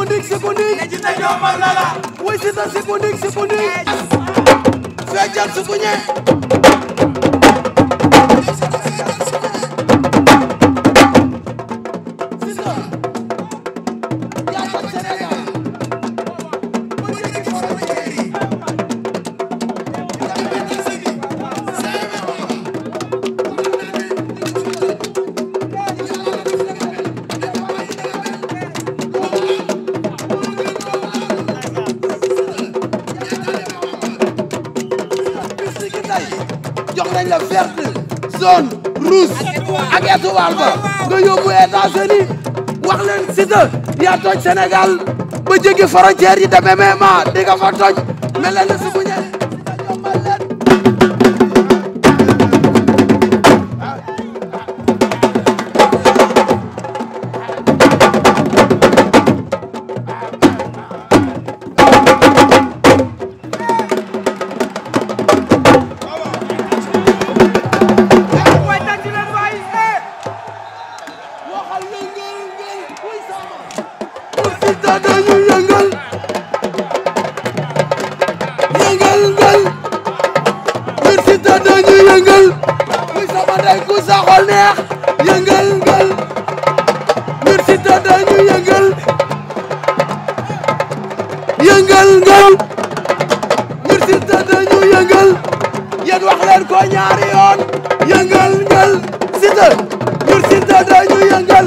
sikundik sikundik ne jita joomal lala way sita sikundik sikundik feccal sukuñe zone rouge ak étoile ba nga yóbbu États-Unis leen Siteu yaa toj Sénégal ba jéggi frontière yi demee MMA di nga fa toj mel na si dañu yëngal yëngal ngal Mbir Siteu dañu yëngal yéen wax leen ko ñaari yoon yëngal ngal Siteu Mbir dañu yëngal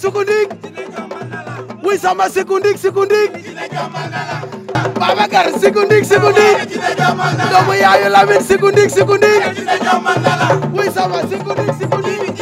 sikundik wuy sama sikundik sikundik Babacar sikundik sikundik doomu yaayu Lamin sikundik sikundik wuy sama sikundik sikundik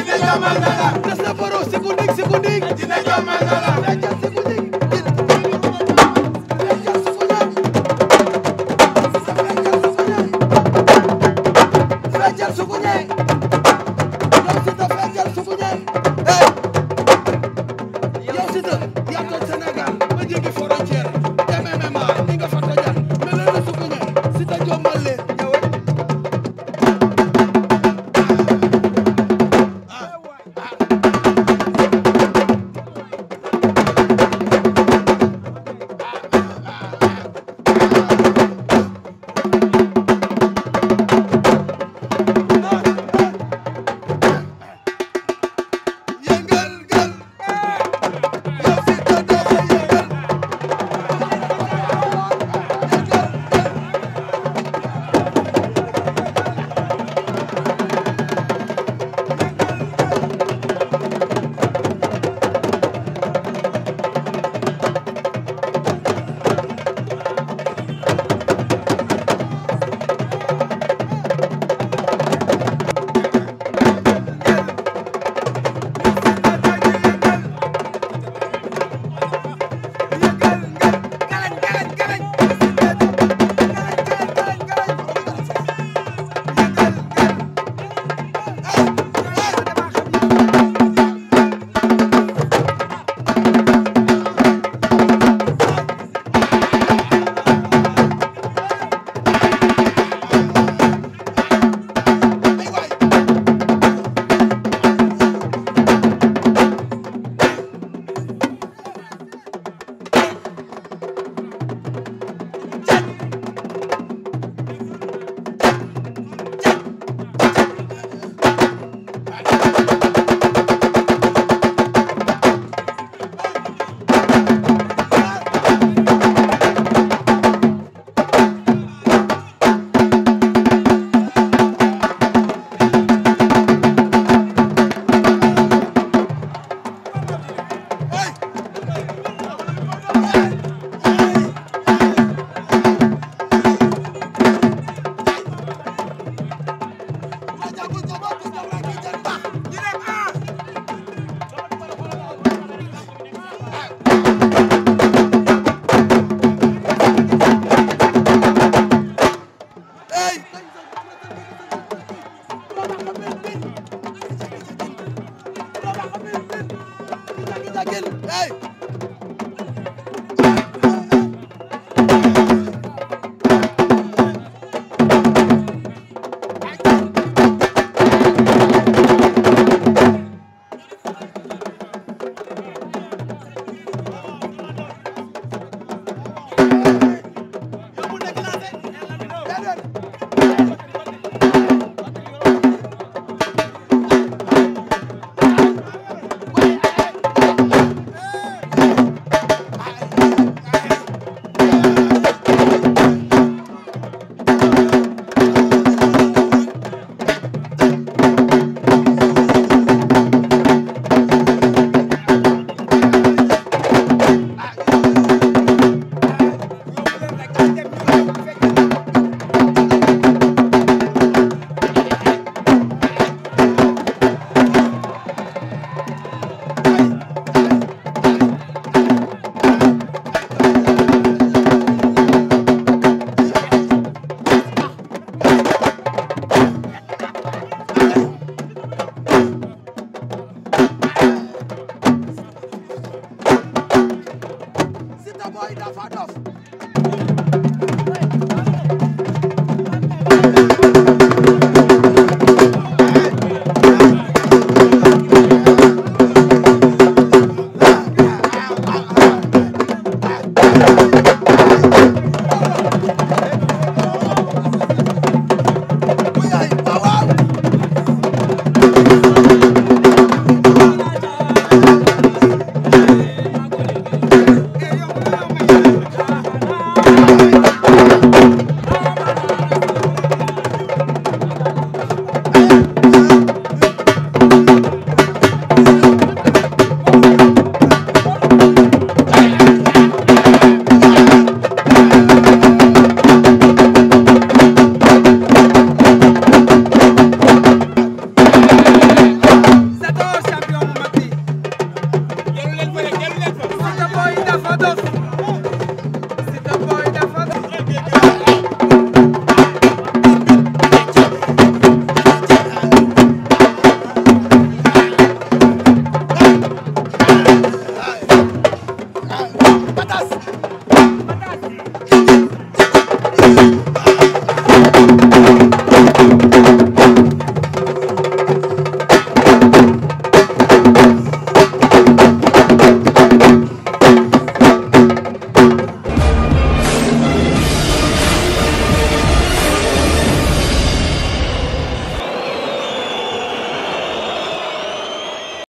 thank you